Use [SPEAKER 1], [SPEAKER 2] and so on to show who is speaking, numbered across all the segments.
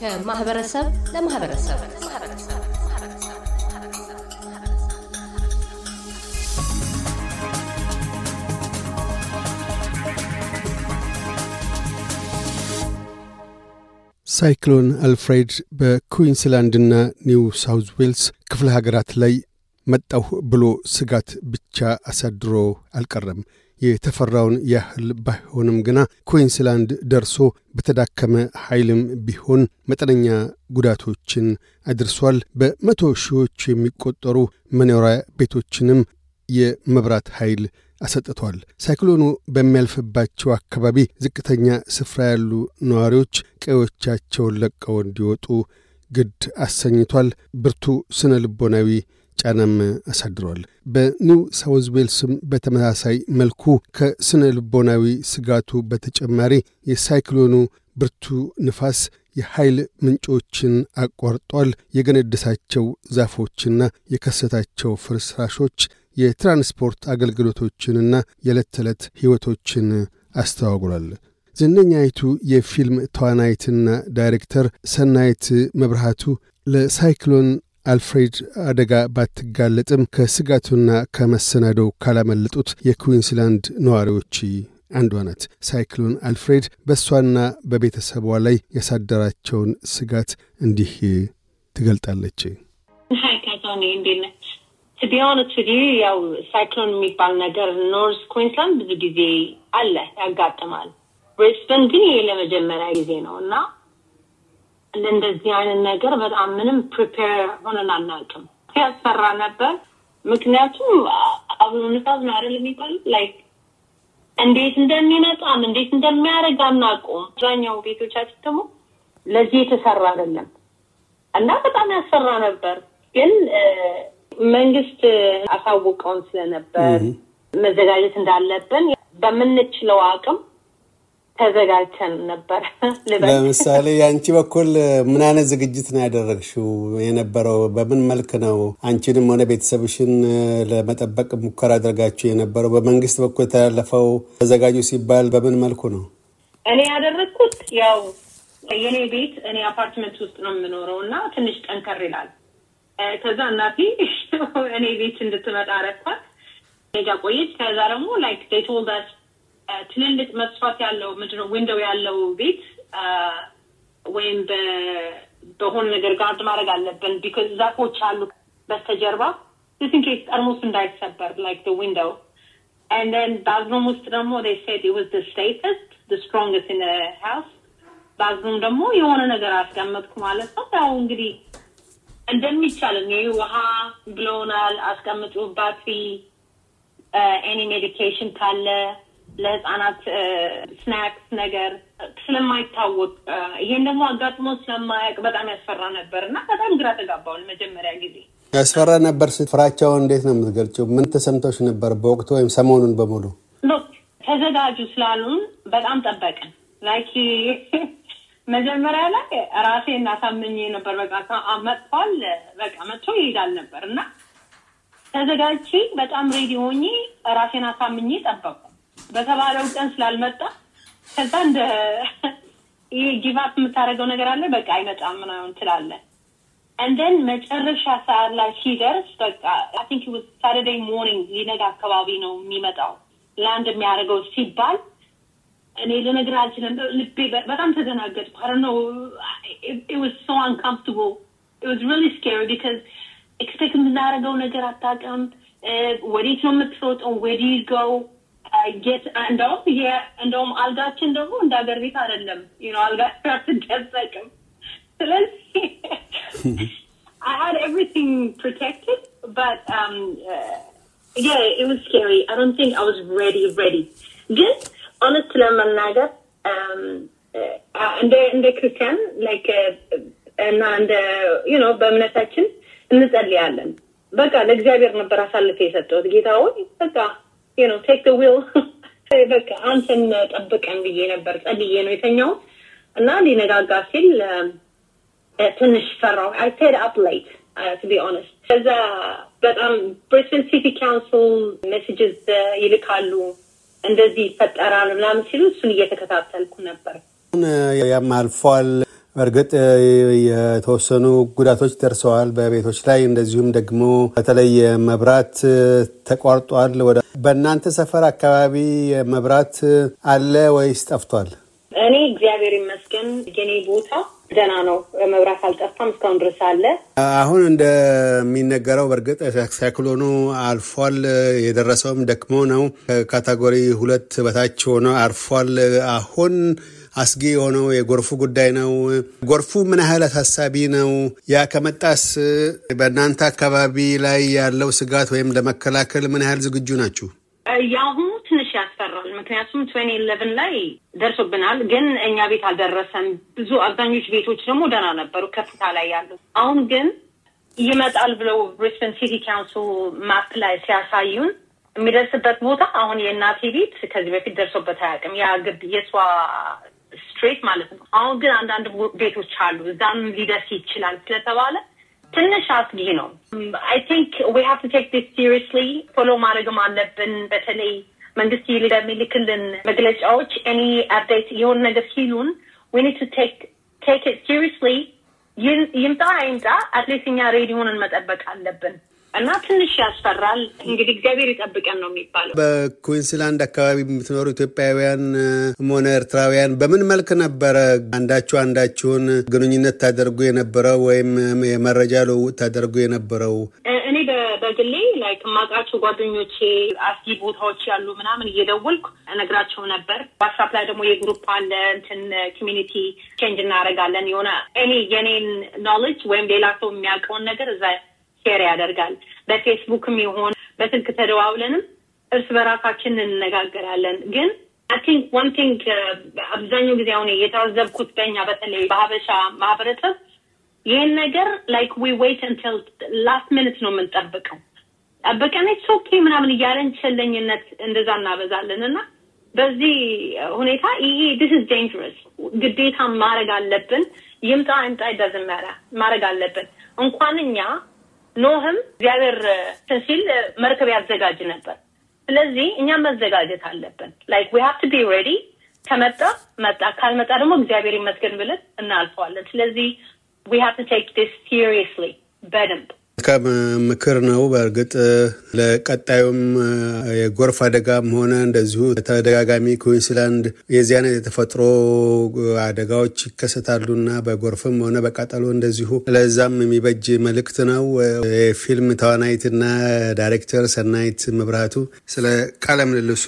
[SPEAKER 1] ከማህበረሰብ ለማህበረሰብ ሳይክሎን አልፍሬድ በኩዊንስላንድና ኒው ሳውዝ ዌልስ ክፍለ ሀገራት ላይ መጣሁ ብሎ ስጋት ብቻ አሳድሮ አልቀረም። የተፈራውን ያህል ባይሆንም ግና ኩዊንስላንድ ደርሶ በተዳከመ ኃይልም ቢሆን መጠነኛ ጉዳቶችን አድርሷል። በመቶ ሺዎች የሚቆጠሩ መኖሪያ ቤቶችንም የመብራት ኃይል አሰጥቷል። ሳይክሎኑ በሚያልፍባቸው አካባቢ ዝቅተኛ ስፍራ ያሉ ነዋሪዎች ቀዮቻቸውን ለቀው እንዲወጡ ግድ አሰኝቷል። ብርቱ ስነ ልቦናዊ ጫናም አሳድሯል። በኒው ሳውዝ ዌልስም በተመሳሳይ መልኩ ከስነ ልቦናዊ ስጋቱ በተጨማሪ የሳይክሎኑ ብርቱ ንፋስ የኃይል ምንጮችን አቋርጧል። የገነደሳቸው ዛፎችና የከሰታቸው ፍርስራሾች የትራንስፖርት አገልግሎቶችንና የዕለት ተዕለት ሕይወቶችን አስተዋግሏል። ዝነኛይቱ የፊልም ተዋናይትና ዳይሬክተር ሰናይት መብርሃቱ ለሳይክሎን አልፍሬድ አደጋ ባትጋለጥም ከስጋቱና ከመሰናዶው ካላመለጡት የኩዊንስላንድ ነዋሪዎች አንዷ ናት። ሳይክሎን አልፍሬድ በእሷና በቤተሰቧ ላይ ያሳደራቸውን ስጋት እንዲህ ትገልጣለች።
[SPEAKER 2] ያው ሳይክሎን የሚባል ነገር ኖርዝ ኩዊንስላንድ ብዙ ጊዜ አለ፣ ያጋጥማል። ብሪስበን ግን ይሄ ለመጀመሪያ ጊዜ ነው እና ለእንደዚህ አይነት ነገር በጣም ምንም ፕሪፔር ሆነን አናውቅም። ያስፈራ ነበር። ምክንያቱም አብሎ ንፋስ ነው አይደል የሚባሉት ላይክ እንዴት እንደሚመጣም እንዴት እንደሚያደርግ አናውቅም። አብዛኛው ቤቶቻችን ደግሞ ለዚህ የተሰራ አይደለም እና በጣም ያስፈራ ነበር። ግን መንግስት አሳውቀውን ስለነበር መዘጋጀት እንዳለብን በምንችለው አቅም ተዘጋጅተን ነበር።
[SPEAKER 1] ለምሳሌ የአንቺ በኩል ምን አይነት ዝግጅት ነው ያደረግሽው የነበረው? በምን መልክ ነው አንቺንም ሆነ ቤተሰብሽን ለመጠበቅ ሙከራ አድርጋችሁ የነበረው? በመንግስት በኩል የተላለፈው ተዘጋጁ ሲባል በምን መልኩ ነው?
[SPEAKER 2] እኔ ያደረግኩት ያው የኔ ቤት እኔ አፓርትመንት ውስጥ ነው የምኖረው እና ትንሽ ጠንከር ይላል። ከዛ እናቴ እኔ ቤት እንድትመጣ ረኳት ጋ ቆየች። ከዛ ደግሞ ላይክ ቶልዳስ ትልልቅ መስፋት ያለው ምንድነው ዊንዶው ያለው ቤት ወይም በሆነ ነገር ጋርድ ማድረግ አለብን። ቢካዝ ዛፎች አሉ በስተጀርባ ስንኬስ ጠርሙስ እንዳይሰበር ላይክ ዊንዶው And then ውስጥ ደግሞ they said it was the safest, the strongest ባዝሩም ደግሞ የሆነ ነገር አስቀመጥኩ ማለት ነው። ያው እንግዲህ እንደሚቻለን ውሃ ብሎናል አስቀምጡ፣ ባትሪ፣ ኤኒ ሜዲኬሽን ካለ ለህጻናት ስናክስ ነገር ስለማይታወቅ ይሄን ደግሞ አጋጥሞ ስለማያውቅ በጣም ያስፈራ ነበር እና በጣም ግራ ተጋባውን መጀመሪያ ጊዜ
[SPEAKER 1] ያስፈራ ነበር። ፍራቸውን እንዴት ነው የምትገልጪው? ምን ተሰምቶች ነበር በወቅቱ ወይም ሰሞኑን በሙሉ?
[SPEAKER 2] ተዘጋጁ ስላሉን በጣም ጠበቅን። ላይክ መጀመሪያ ላይ ራሴ እናሳምኜ ነበር። በቃ መጥቷል፣ በቃ መጥቶ ይሄዳል ነበር እና ተዘጋጅ፣ በጣም ሬዲ ሆኜ ራሴን አሳምኜ ጠበቁ በተባለው ቀን ስላልመጣ ከዛ እንደ ይሄ ጊቫፕ የምታደርገው ነገር አለ። በቃ አይመጣም ምናምን ትላለን። እንደን መጨረሻ ሰዓት ላይ ሲደርስ በቃ አይ ቲንክ ወዝ ሳተርዴይ ሞርኒንግ ሊነጋ አካባቢ ነው የሚመጣው ላንድ የሚያደርገው ሲባል እኔ ልነግርህ አልችልም። ልቤ በጣም ተደናገጥኩ። አይ ዶንት ኖ ኢት ዋዝ ሶ አንካምፍርታብል ኢት ዋዝ ሪሊ ስኬሪ ቢካዝ ኤክስፔክት የምናደርገው ነገር አታውቅም። ወዴት ነው የምትሮጠው? ዌር ዱ ዩ ጎ ጌት እንደውም እንደውም አልጋችን ደግሞ እንደ ሀገር ቤት አይደለም ነው አልጋችን አትደሰቅም ስለዚህ I had everything protected, but um, uh, yeah, it was scary. I don't think I was ready, ready. ግን እውነት ለመናገር እንደ እንደ ክርስቲያን ላይክ እና እንደ ዩ ኖ በእምነታችን እንጸልያለን። በቃ ለእግዚአብሔር ነበር አሳልፌ የሰጠሁት ጌታ ሆይ በቃ ነው ቴክ ዊል በቃ አንተን ጠብቀን ብዬ ነበር ጸልዬ ነው የተኛው እና ሊነጋጋ ሲል um, ትንሽ ፈራው አይ ቴድ አፕ ላይት ቱ ቢ ኦነስት ከዛ በጣም ብሪስል ሲቲ ካውንስል ሜሴጅስ ይልካሉ እንደዚህ ይፈጠራል ምናምን ሲሉ እሱን እየተከታተልኩ
[SPEAKER 1] ነበር አሁን ያም አልፏል በእርግጥ የተወሰኑ ጉዳቶች ደርሰዋል በቤቶች ላይ እንደዚሁም ደግሞ በተለይ መብራት ተቋርጧል። ወደ በእናንተ ሰፈር አካባቢ መብራት አለ ወይስ ጠፍቷል?
[SPEAKER 2] እኔ እግዚአብሔር ይመስገን የኔ ቦታ ደና ነው። መብራት አልጠፋም፣ እስካሁን ድረስ አለ።
[SPEAKER 1] አሁን እንደሚነገረው በእርግጥ ሳይክሎኑ አልፏል። የደረሰውም ደክሞ ነው። ካታጎሪ ሁለት በታች ሆነ አርፏል። አሁን አስጊ የሆነው የጎርፉ ጉዳይ ነው። ጎርፉ ምን ያህል አሳሳቢ ነው? ያ ከመጣስ በእናንተ አካባቢ ላይ ያለው ስጋት ወይም ለመከላከል ምን ያህል ዝግጁ ናችሁ?
[SPEAKER 2] የአሁኑ ትንሽ ያስፈራል። ምክንያቱም ትዌኒ ኢለቭን ላይ ደርሶብናል፣ ግን እኛ ቤት አልደረሰም። ብዙ አብዛኞቹ ቤቶች ደግሞ ደህና ነበሩ ከፍታ ላይ ያሉ። አሁን ግን ይመጣል ብለው ብሪስበን ሲቲ ካውንስል ማፕ ላይ ሲያሳዩን የሚደርስበት ቦታ አሁን የእናቴ ቤት ከዚህ በፊት ደርሶበት አያውቅም። ያ ግቢ የእሷ ስትሬት ማለት ነው። አሁን ግን አንዳንድ ቤቶች አሉ፣ እዛም ሊደርስ ይችላል ስለተባለ ትንሽ አስጊ ነው። አይ ቲንክ ዊ ሃቭ ቱ ቴክ ዲስ ሲሪየስሊ ፎሎ ማድረግም አለብን። በተለይ መንግስት ለሚልክልን መግለጫዎች ኤኒ አፕዴት የሆነ ነገር ሲሉን ዊ ኒድ ቱ ቴክ ቴክ ኢት ሲሪየስሊ። ይምጣ አይምጣ አትሊስት እኛ ሬዲዮንን መጠበቅ አለብን። እና ትንሽ ያስፈራል። እንግዲህ እግዚአብሔር ይጠብቀን ነው የሚባለው።
[SPEAKER 1] በኩዊንስላንድ አካባቢ የምትኖሩ ኢትዮጵያውያን ሆነ ኤርትራውያን በምን መልክ ነበረ አንዳችሁ አንዳችሁን ግንኙነት ታደርጉ የነበረው ወይም የመረጃ ልውውጥ ታደርጉ የነበረው?
[SPEAKER 2] እኔ በግሌ ላይ የማውቃቸው ጓደኞቼ አስጊ ቦታዎች ያሉ ምናምን እየደወልኩ እነግራቸው ነበር። ዋትሳፕ ላይ ደግሞ የግሩፕ አለ እንትን ኮሚኒቲ ቼንጅ እናደርጋለን የሆነ እኔ የኔን ኖሌጅ ወይም ሌላ ሰው የሚያውቀውን ነገር እዛ ሼር ያደርጋል። በፌስቡክም ይሆን በስልክ ተደዋውለንም እርስ በራሳችን እንነጋገራለን። ግን አይ ቲንክ ዋን ቲንግ አብዛኛው ጊዜ አሁን የታዘብኩት በኛ በተለይ በሀበሻ ማህበረሰብ ይህን ነገር ላይክ ዊ ዌይት እንቲል ላስት ሚኒት ነው የምንጠብቀው። በቀነች uh, ኦኬ ምናምን እያለን ቸለኝነት እንደዛ እናበዛለን እና በዚህ ሁኔታ ይሄ ዲስ ኢዝ ዴንጀረስ ግዴታ ማድረግ አለብን። ይምጣ አይምጣ ይደዝመረ ማድረግ አለብን እንኳን እኛ ኖህም እግዚአብሔር ሲል መርከብ ያዘጋጅ ነበር። ስለዚህ እኛ መዘጋጀት አለብን። ላይክ ዊ ቱ ቢ ሬዲ። ከመጣ መጣ፣ ካልመጣ ደግሞ እግዚአብሔር ይመስገን ብለን እናልፈዋለን። ስለዚህ ዊ ሀብ ቱ ቴክ ዲስ ሲሪየስሊ በደንብ
[SPEAKER 1] መልካም ምክር ነው። በእርግጥ ለቀጣዩም የጎርፍ አደጋም ሆነ እንደዚሁ ተደጋጋሚ ኩዊንስላንድ የዚህ አይነት የተፈጥሮ አደጋዎች ይከሰታሉና በጎርፍም ሆነ በቃጠሎ እንደዚሁ ለዛም የሚበጅ መልእክት ነው። የፊልም ተዋናይትና ዳይሬክተር ሰናይት መብራቱ ስለ ቃለ ምልልሱ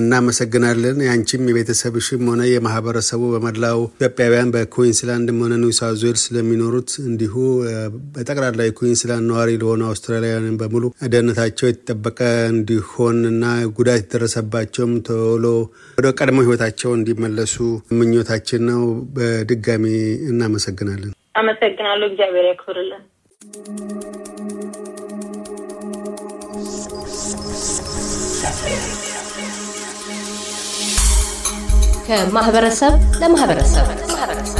[SPEAKER 1] እናመሰግናለን። የአንቺም የቤተሰብሽም ሆነ የማህበረሰቡ በመላው ኢትዮጵያውያን በኩዊንስላንድም ሆነ ኒው ዌልስ ስለሚኖሩት እንዲሁ በጠቅላላ የኩዊንስላንድ ነዋሪ ለሆኑ አውስትራሊያውያን በሙሉ ደህንነታቸው የተጠበቀ እንዲሆን እና ጉዳት የደረሰባቸውም ቶሎ ወደ ቀድሞ ህይወታቸው እንዲመለሱ ምኞታችን ነው። በድጋሚ እናመሰግናለን።
[SPEAKER 2] አመሰግናለሁ። እግዚአብሔር ያክብርልን። ከማህበረሰብ ለማህበረሰብ